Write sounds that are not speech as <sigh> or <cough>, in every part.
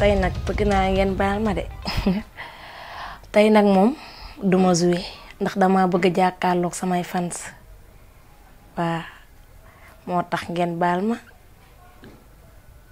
tay nak bëgg naa ngeen baal ma de <laughs> tay nak moom duma ndax dama bëgg jàkkaarloog samay fans waa moo tax ngeen baal ma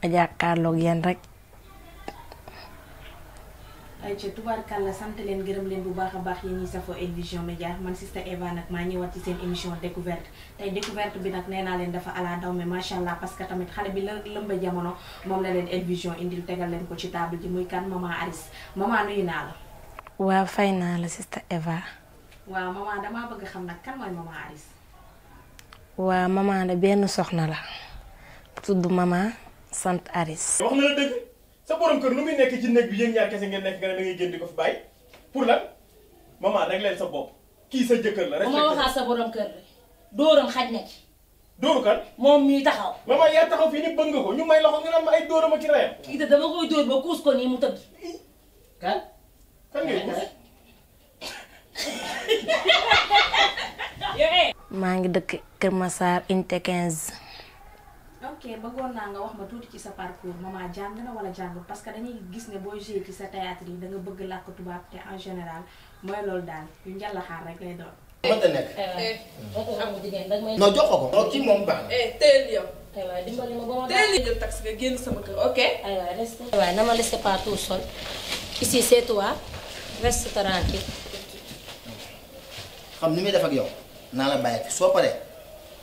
ma jàkkaarloog yeen rek ayca tubaarkàlla sant leen gërëm leen bu baax a baax yéen ñi safoo El Vision man sista Eva nag maa ñëwaat ci seen émission découverte tey découverte bi nag nee naa leen dafa ala daw mais macha allah parce tamit xale bi la lëmbe jamono moom la leen El Vision indil tegal leen ko ci table ji muy kan maman Aris maman nuyu naa la. waa fay naa la sista Eva. waaw maman damaa bëgg xam nag kan mooy maman Aris. waaw maman da benn soxna la. tudd maman sant Aris. sa borom kër lu muy nekk ci néeg bi yéen ñaar kese ngeen nekk nga ne da ngay génn di ko fi bàyyi pour la maman rek leen sa bopp kii sa jëkkër la. rek ma waxaat sa borom kër la dóoram xaj na ci. dóoru kan. moom mii taxaw. maman yaa taxaw fii ni nga ko ñu ay dóoram ak i rayam. ba kuus ko nii mu <laughs> eh. maa ngi dëkk Kër Massar unité 15. ok bëggoon na nga wax ma tuuti ci sa parcours mama jàng na wala jàng parce que dañuy gis ne boo joué ci sa théâtre yi da nga bëgg làkk tubaab te en général mooy loolu daal yu xaar rek lay doon. Eh, mënta nekk. Eh, eh. non jox ko ko. ci moom baax na. teel yow. aywa yi jël taxi nga génn sama kër ok. aywa reste. aywa na ma laisse pas tout seul. ici c'est toi. reste tranquille. xam ni muy def ak yow naa la bàyyi soo paree.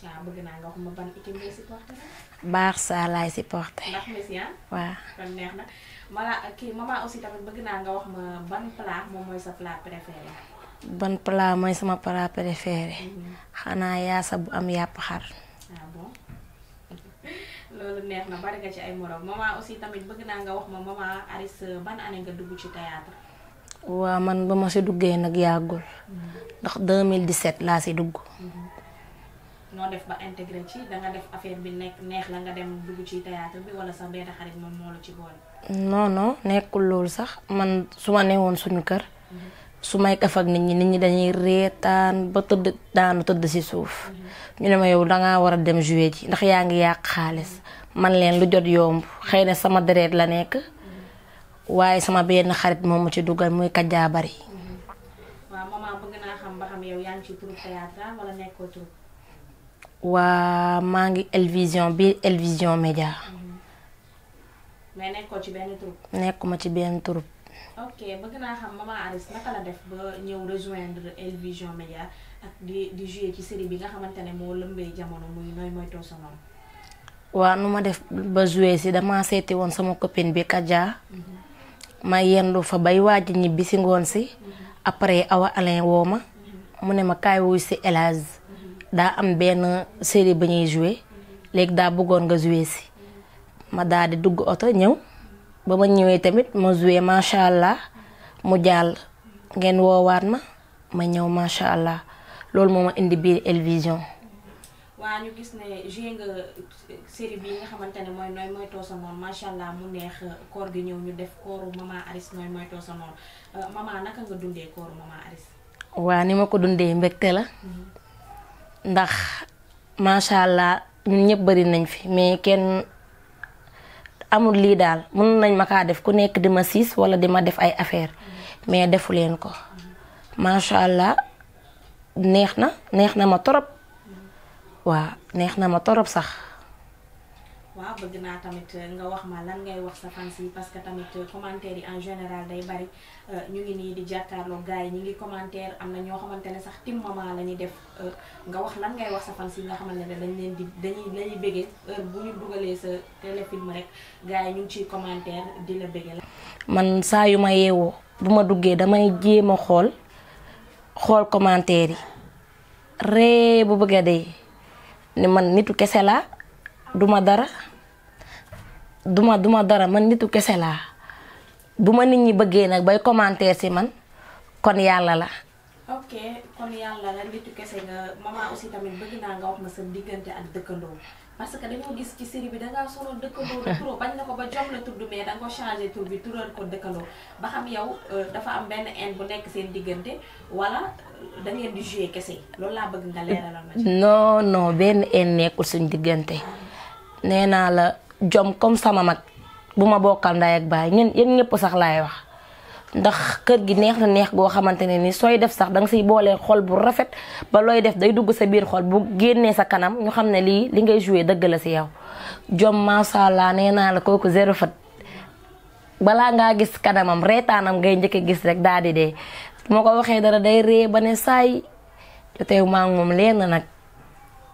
baax bëgg naa nga laay supporté. ndax Messi ah? kon neex na mala kii aussi tamit bëgg naa nga wax ma ban sama plat préféré. Mhm. yaasa bu am yàpp xar. ah <laughs> ma Aris ban année nga dugg ci théâtre. waaw man ba ma si duggee nag yàggul. Mhm. ndax 2017 laa si dugg. Mhm. no def ba intégrer ci da nga def affaire bi nek neex la nga dem dugg ci théâtre bi wala sax benn xarit mom mo la ci boole. non non nekul lool sax man suma ma suñu kër. Mhm. su may kaf ak nit ñi nit ñi dañuy reetaan ba tëdd daanu tëdd si suuf. Mhm. ñu ne ma yow da ngaa war a dem jouer ji ndax yaa ngi yàq xaalis man leen lu jot yomb xëy na sama deret la nekk. Mhm. waaye sama benn xarit moom mu ci dugal muy kajaa bari. waaw maman bëgg naa xam ba xam yow yaa ngi ci troupe théâtre wala nekkoo troupe. waa maa ngi Elvision bi Elvision Média. Mm-hmm. mais nekkoo ci benn troupe. nekkuma ci benn troupe. ok bëgg naa xam maman Aris naka la def ba ñëw rejoindre Elvision Média ak di di jouer ci série bi nga xamante ne moo lëmbee jamono muy nooy moytoo sa noonu. waaw nu ma def ba jouer si dama seeti woon sama copine bi Kaja. Mm-hmm. ma yendu fa bay waaj ñibbi si ngoon si. Mm-hmm. après awa Alain woo ma. mu ne ma kaay wuy si Elage. daa am benn série ba ñuy joué léegi daa bëggoon nga joué si ma daal di dugg oto ñëw ba ma ñëwee tamit ma joué macha allah mu jàll ngeen woowaat ma ma ñëw macha allah loolu moo ma indi biir Elvision. waa ñu gis ne joué nga série bii nga xamante mooy nooy moytoo sa noonu macha allah mu neex koor gi ñëw ñu def kooru maman Aris nooy moytoo sa noonu euh, maman naka nga dundee kooru maman Aris. waa ni ma ko dundee mbégte la. Mm-hmm. ndax macha allah ñun ñëpp bari nañ fi mais kenn amul lii daal mën nañ ma kaa def ku nekk di ma siis wala di ma def ay affaire mais defu leen ko macha allah neex na neex na ma torop waa neex na ma torop sax waaw bëgg naa tamit eh, nga wax ma lan ngay wax sa fans yi parce que tamit eh, yi en général day bari eh, ñu ngi nii di jàkkaarloo gars yi ñu ngi commentaire am na ñoo xamante ne sax tim mama la ñuy def nga wax lan ngay wax sa fans yi nga xamante ne dañ leen di dañuy lañuy béggee heure bu ñu dugalee sa téléfilm rek gars yi ñu ngi ciy commentaire di la béggee man saa yu ma yeewoo bu ma duggee damay jéem a xool xool yi ree bu bëgg a ni man nitu kese laa duma dara duma duma dara man nitu kese laa bu ma nit ñi bëggee nag bay commentaire si man kon yàlla la. ok kon yàlla la nitu kese nga maman aussi tamit bëgg naa nga wax ma sa diggante ak dëkkandoo parce que dañoo gis ci série bi da ngaa solo dëkkandoo la bañ na ko ba jox la tudd mais da nga ko bi tural ko dëkkandoo ba xam yow euh, dafa am benn haine bu nekk seen diggante wala da di jouer kese loolu laa bëgg nga leeralal ma ci. non benn haine diggante. Ah. Nena la jom comme sama mag buma ma bokkal ndaay ak bay ñen yeen ñëpp sax lay wax ndax kër gi neex na neex go xamantene ni soy def sax dang ciy bolé xol bu rafet ba loy def day dugg sa biir xol bu génné sa kanam ñu xamné li li ngay jouer deug la ci yow jom sha allah nee la koku zéro fat bala nga gis kanamam rétanam ngay ñëk gis rek daal di dee moo dara day ré bané say jotéw ma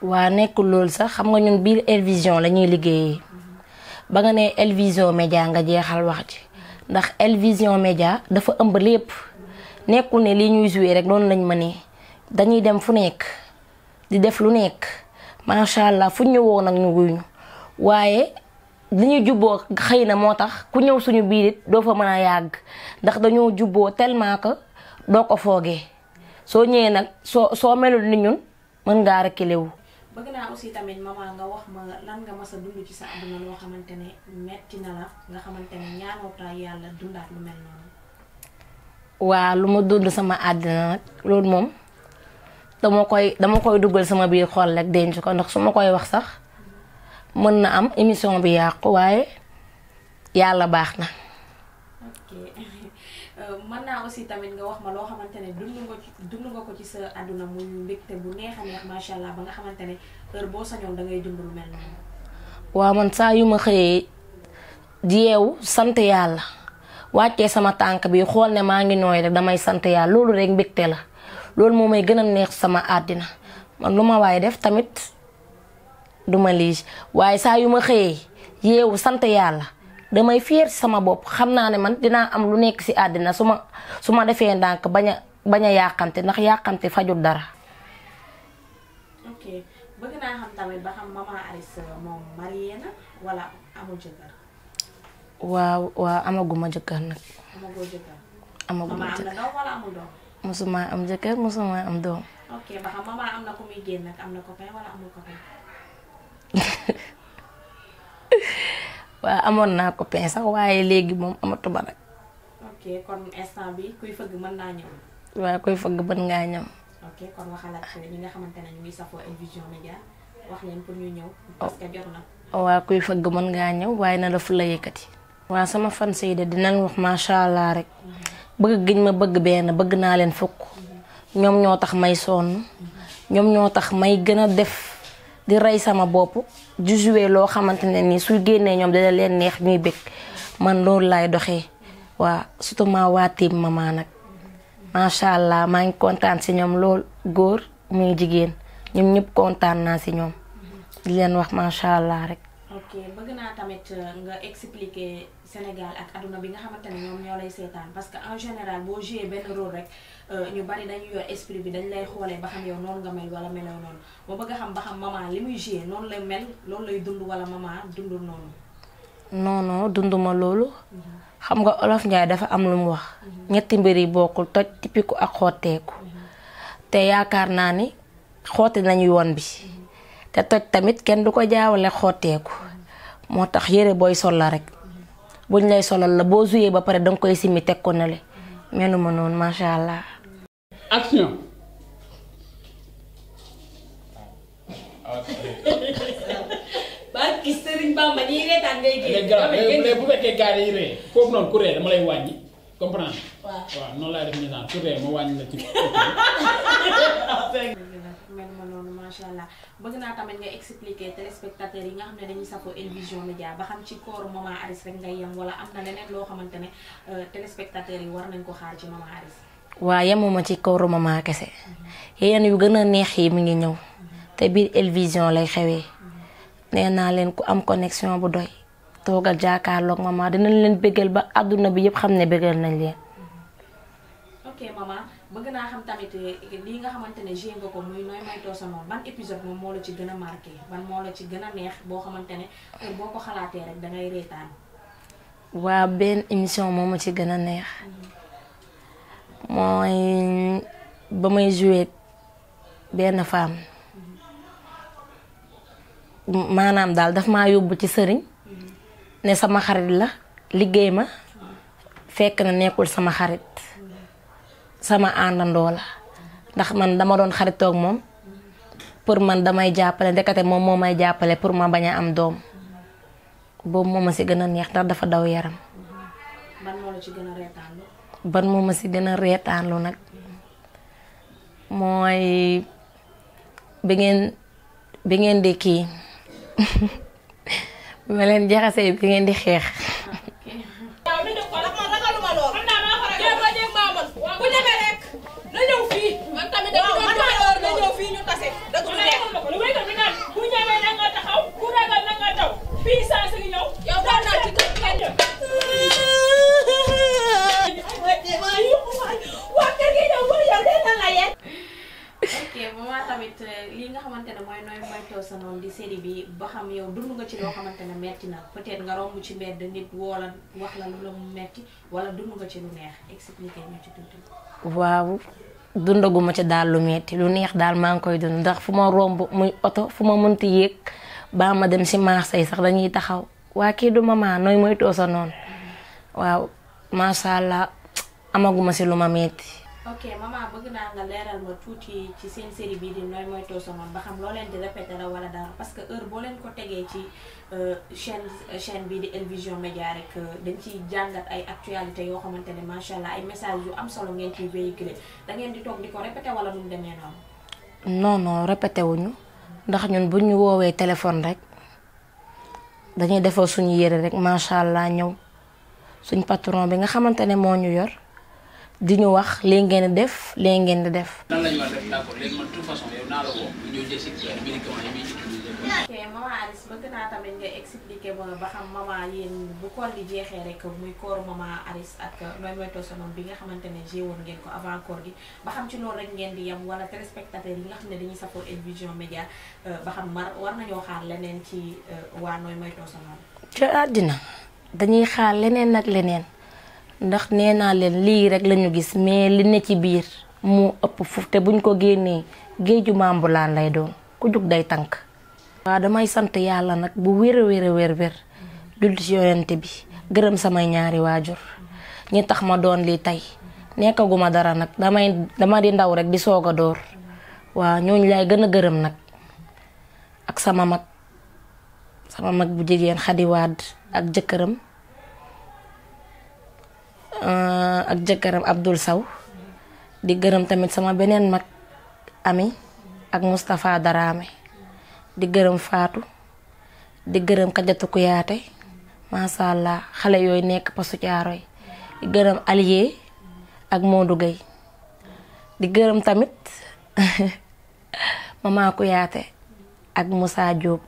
waa nekkul loolu sax xam nga ñun biir El Vision la ñuy liggéeyee ba nga ne El Média nga jeexal wax ji ndax El Vision Média dafa ëmb lépp nekkul ne lii ñuy joué rek loolu lañ ma ne dañuy dem fu nekk di def lu nekk macha allah fu ñu nag ñu wuñu waaye li jubboo xëy na moo tax ku ñëw suñu biir it doo fa mën a yàgg ndax dañoo jubboo tellement que doo ko foogee soo ñëwee nag soo soo melul ni ñun mën ngaa rekkile wu bëgg naa aussi tamit maman nga wax ma lan nga mas a dund ci sa àdduna loo xamante ne metti na la nga xamante ne ñaanootaa yàlla dundaat lu mel noonu. waaw lu ma dund sama àddina nag loolu moom dama koy dama koy duggal sama biir xool rek denc ko ndax su ma koy wax sax mën na am émission bi yàqu waaye yàlla baax na. Euh, man naa aussi tamit nga wax ma loo xamante ne dund nga ko ci sa àdduna muy mbégte bu neex a neex allah ba nga xamante ne heure boo sañoon da ngay dund lu mel noonu. waaw man saa yu ma xëyee di yeewu sant yàlla wàccee sama tànk bi xool ne maa ngi nooy damay sant yàlla rek mbégte la loolu moo gën a neex sama àddina man lu ma waaye def tamit du lii waaye saa yu ma xëyee yeewu sant yàlla. damay fier sama bopp xam naa ne man dinaa am lu nekk si àddina su suma su ma defee ndànk bañ a bañ a yàqante ndax yàqante fajul dara. ok bëgg naa xam tamit ba xam maman Aris moom marié na wala amul jëkkër. waaw waaw amaguma jëkkër nag. amagoo jëkkër. amaguma jëkkër maman am na wala amul doom. musuma am jëkkër musuma am doom. ok ba xam maman am na ku muy génn nag am na copain wala amul copain. <laughs> waaw amoon naa copain sax waaye léegi moom amatuma rek. ok kon kuy fëgg mën ngaa ñëw. ok oh. kuy fëgg mën ngaa ñëw waaye na la fu la yëkkati. waa sama fan yi de dinañ wax macha allah rek. Mhm. bëgg giñ ma bëgg benn bëgg naa leen fukk. Mhm. ñoom ñoo tax may sonn. Mhm. ñoom ñoo tax may gën a def di rey sama bopp. di jouer loo xamante ne nii su génnee ñoom dina leen neex ñuy bëgg man loolu laay doxee waa surtout maa waa team mama nag macha allah maa ngi kontaan si ñoom lool góor muy jigéen ñoom ñëpp kontaan naa si ñoom di leen wax macha allah rek. ok bëgg naa tamit euh, nga expliquer Sénégal ak aduna bi nga xamante ñoom ñoo lay seetaan parce que en général boo joué benn rôle rek euh, ñu bari dañu yor esprit bi dañ lay xoolee ba xam yow noonu nga mel wala meloo noonu moo bëgg xam ba xam mama li muy lay mel loolu lay dund wala mama dund noonu. non non dunduma loolu. Mhm. xam nga olof Ndiaye dafa am lu mu wax. Mhm. ñetti mbir yi bokkul toj tipiku ak xotteeku. Mhm. te yaakaar naa ni xoote nañu yoon bi. te toj tamit kenn du ko jaawale xotteeku moo tax yére booy sol la rek buñ lay solal la boo suyee ba pare danga koy simmi teg ko nale meluma noonu macha allah. bu fekkee gaar yi ree foofu noonu ku dama lay wàññi comprendre. waaw noonu laay def ñu naan ku ree ma wàññi la ci. <laughs> mel ma noonu macha allah bëgg naa tamit nga expliquer téléspectateurs yi nga xam ne dañuy safoo El Vision Médias ba xam ci kooru Mama Aris rek euh, yi war nañ ko xaar ci Mama Aris. waa yemuma ci kooru Mama kese yéen yu gën a neex yi mu ngi ñëw te biir El lay xewee nee naa leen ku am connexion bu doy toogal jàkkaarloog Mama dinañ leen bégal ba àdduna bi yëpp xam ne bégal nañ leen. ok Mama. bëgg naa xam tamit eh, lii nga xamante ne joué nga ko muy nooy maytoo sa ban épisode moom moo la ci gën a marqué ban moo la ci gën a neex boo xamante ne émission moom ma ci gën a neex. mooy ba may joué benn femme. maanaam daal dafa maa yóbbu ci sëriñ. Mhm. ne sama xarit la liggéey ma. Mhm. fekk na nekkul sama xarit. sama àndandoo la ndax man dama doon xaritoog moom pour man damay jàppale ndekete moom moo may jàppale pour ma bañ a am doom boobu moo ma si gën a neex ndax dafa daw yaram. ban moo ma si gën a reetaanlu nag mooy bi ngeen bi ngeen di kii <laughs> bi ma leen jaxasee bi ngeen di xeex. bii saa si ñëw. yow daal naa ci kër kenn. waa kër gi ñëw mooy yow dee na la yet. ok maman tamit eh, li nga xamante ne mooy nooy moytoo sa noonu di série bi ba xam yow dund nga ci loo xamante ne metti na peut-être nga romb ci mbedd nit woo la wax la lu metti wala dund nga ci lu neex expliquer ñu ci tuuti. waaw. dundaguma ci daal lu metti lu neex daal maa ngi koy dund ndax fu ma romb muy oto fu ma mënti yéeg. baa ma dem si yi sax dañuy taxaw waa kii du mama nooy moytoo sa noonu waaw macha allah amaguma si lu ma metti ok maman bëgg naa nga leeral ma tuuti ci seen série bii di nooy moytoo sa noonu ba xam loo di répété la wala dara parce que heure boo leen ko tegee ci euh, chaîne chaîne bii di El Vision Média rek euh, dañ ciy jàngat ay actualité yoo xamante ne macha allah ay message yu am solo ngeen ciy véhiculer da ngeen di toog di ko répété wala du mu demee wuñu ndax ñun bu ñu woowee téléphone rek dañuy defal suñu yére rek macha allah ñëw suñ patron bi nga xamante ne moo ñu yor. di ñu wax lii ngeen def lii def. nan la ñu war a tamit nga ma ba xam maman yéen bu koor gi jeexee rek muy koor maman Alice ak nooy moytoo sa bi nga xamante ne jéewoon ngeen ko avant koor gi ba xam ci loolu rek ngeen di yem wala téléspectateurs yi nga xam ne dañuy safoo El Vision Médias euh, ba xam war nañoo xaar leneen ci euh, waa nooy moytoo sa noom. àddina dañuy xaar leneen nag leneen. ndax nee naa leen lii rekk lañu gis mais li ne ci biir mu ëpp foofu te buñ ko génnee géeju laan lay doon ku jug day tànk. waaw damay sant yàlla nag bu wér a wér a wér bi gërëm samay ñaari waajur ñi tax ma doon lii tey nekkaguma dara nag damay dama di ndaw rekk di soog a door waaw ñooñu laay gën a gërëm nag ak sama mag sama mag bu jigéen Xadi ak jëkkëram. Euh, ak jëkkëram Abdoul Saw di gërëm tamit sama beneen mag ami ak Moustapha Darame di gërëm Fatou di gërëm Kajatu Kuyaate macha allah xale yooyu nekk Pasu Caaroy di gërëm Alié ak Modou Gueye di gërëm tamit <laughs> Mama Kuyaate ak Moussa Diop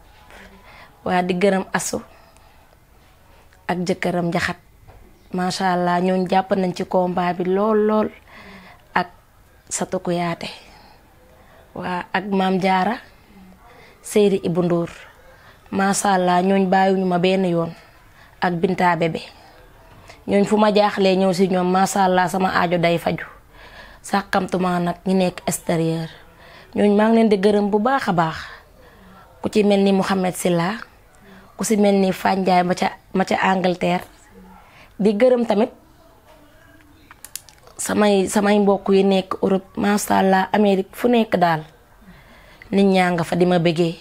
waa di gërëm Asu ak jëkkëram Jaxat macha allah ñooñu jàpp nañ ci combat bi lool lool ak Satou Kouyaté waa ak maam jaara Seydi Ibou Ndour allah ñooñ bàyyiwuñu ma benn yoon ak Binta Bébé ñooñ fu ma jaaxlee ñëw si ñoom macha allah sama aajo day faju sàqamtuma nag ñu nekk extérieur ñooñ maa ngi leen di gërëm bu baax a baax ku ci mel ni Mouhamed Silla ku ci mel ni Fane ma ca ma ca Angleterre. di gërëm tamit samay samay mbokk yi nekk Europe macha allah Amérique fu nekk daal nit ñaa nga fa di ma bëggee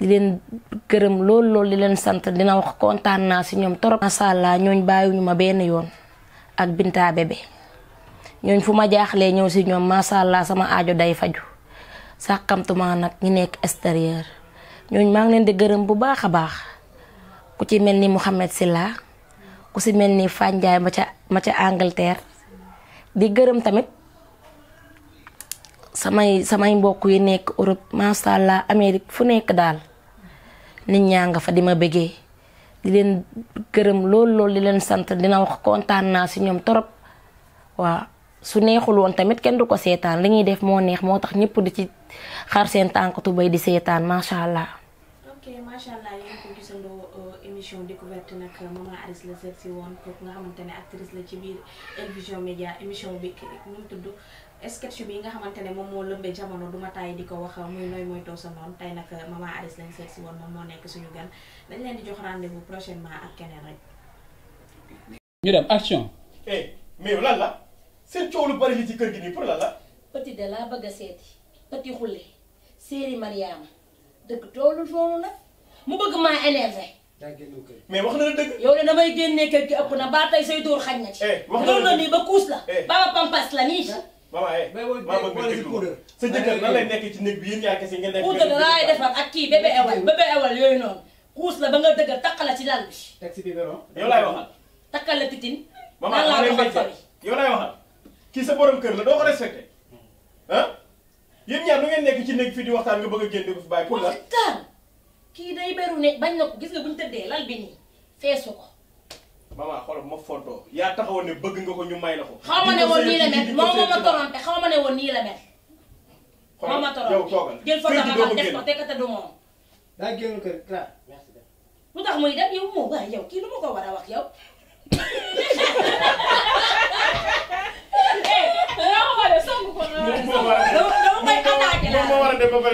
di leen gërëm lool lool di leen sant dina wax kontaan naa si ñoom trop. macha allah ñooñ bàyyiwuñu ma benn yoon ak Binta bébé ñooñ fu ma jaaxlee ñëw si ñoom macha allah sama ajo day faju sàkkamtuma nag ñu nekk extérieur ñooñ maa ngi leen di gërëm bu baax a baax ku ci mel ni Mouhamed Silla ku ci melni ni fanjaay ma ca ma ca angleterre di geureum tamit samay samay mbokk yi nek europe masàllah amerique fu nek dal nit ñaa nga fa di ma di len geureum lool lool di len sant dina wax kontaan na ci ñom torop wa su neexul won tamit kenn du ko seetaan li ñuy def mo neex mo tax ñepp di ci xar seen tu bay di setan macha allah. ok ko gisandoo émission découverte nag maman Aris la seet si woon kooku nga xamante actrice la ci biir Elvision Média émission bi nu mu tudd sketch bi nga xamante ne moom moo lëmbee jamono duma tàyyi di ko wax muy nooy mooy too sa noonu tey nag maman Aris lañ seet si woon moom moo nekk suñu gan dañ leen di jox rendez-vous prochainement ak keneen rek. ñu eh, la seen coow lu bari li ci kër gi nii pour lan a mais wax na la dëgg yow de damay génnee kër gi ëpp na ba tey say dóor xañ na ci eh, na ba la eh. baba pampas la nii baba eh baba bi déglu sa jëkkër nan lay nekk ci néeg bi yéen ñaar kese ngeen nekk puudar laay defar ak kii bébé ewal bébé ewal yooyu noonu kuus la ba nga dëgg takk ci lal bi biberon yow waxal la titin nan laa doxal fa yow laay waxal sa borom kër la ko respecté ah yéen ñaar nu ngeen nekk ci néeg fii di waxtaan nga bëgg a ko fi bay pour la kii day beru bañ na ko gis nga bu ñu tëddee lal bi nii feesu ko. maman xoolal ma fontoo yaa taxawoon bëgg nga ko ñu la ko. xaw ma ne woon nii la mel ma toronte xaw ma ne woon nii la mel. moo ma toronte jël foto ma ko def ko tekkate du moom. daa génn kër Clara merci kii lu ma ko war a wax yow. <laughs> eh dama ko war a song